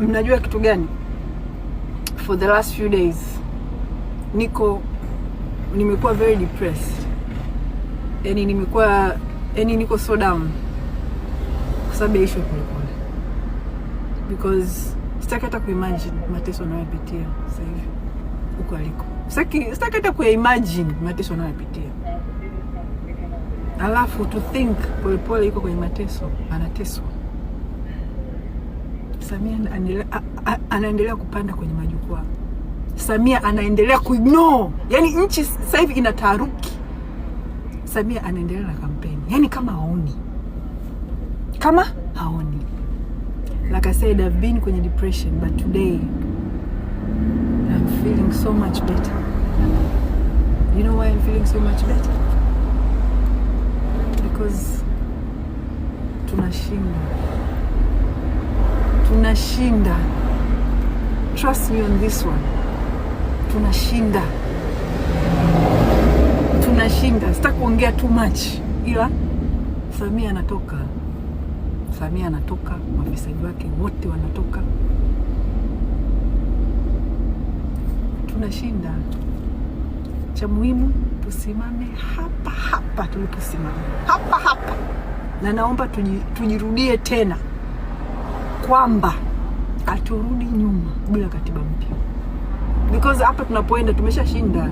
mnajua kitu gani, for the last few days niko nimekuwa very depressed, yani nimekuwa yani niko so down kwa sababu ya issue Polepole, because sitaki hata kuimagine mateso anayopitia sasa hivi huko aliko, sitaki hata kuimagine mateso anayopitia alafu to think Polepole iko kwenye mateso, anateswa Samia anaendelea kupanda kwenye majukwaa. Samia anaendelea kuignore, yaani nchi sasa hivi ina taharuki. Samia anaendelea na kampeni, yaani kama haoni, kama haoni. Like I said, I've been kwenye depression but today I'm feeling so much better. You know why I'm feeling so much better? Because tunashinda tunashinda. Trust me on this one, tunashinda, tunashinda. Sita kuongea too much, ila Samia anatoka, Samia anatoka, wafisadi wake wote wanatoka, tunashinda. Cha muhimu tusimame hapa hapa tuliposimama, hapa hapa, na naomba tujirudie tena kwamba haturudi nyuma bila katiba mpya, because hapa tunapoenda tumeshashinda.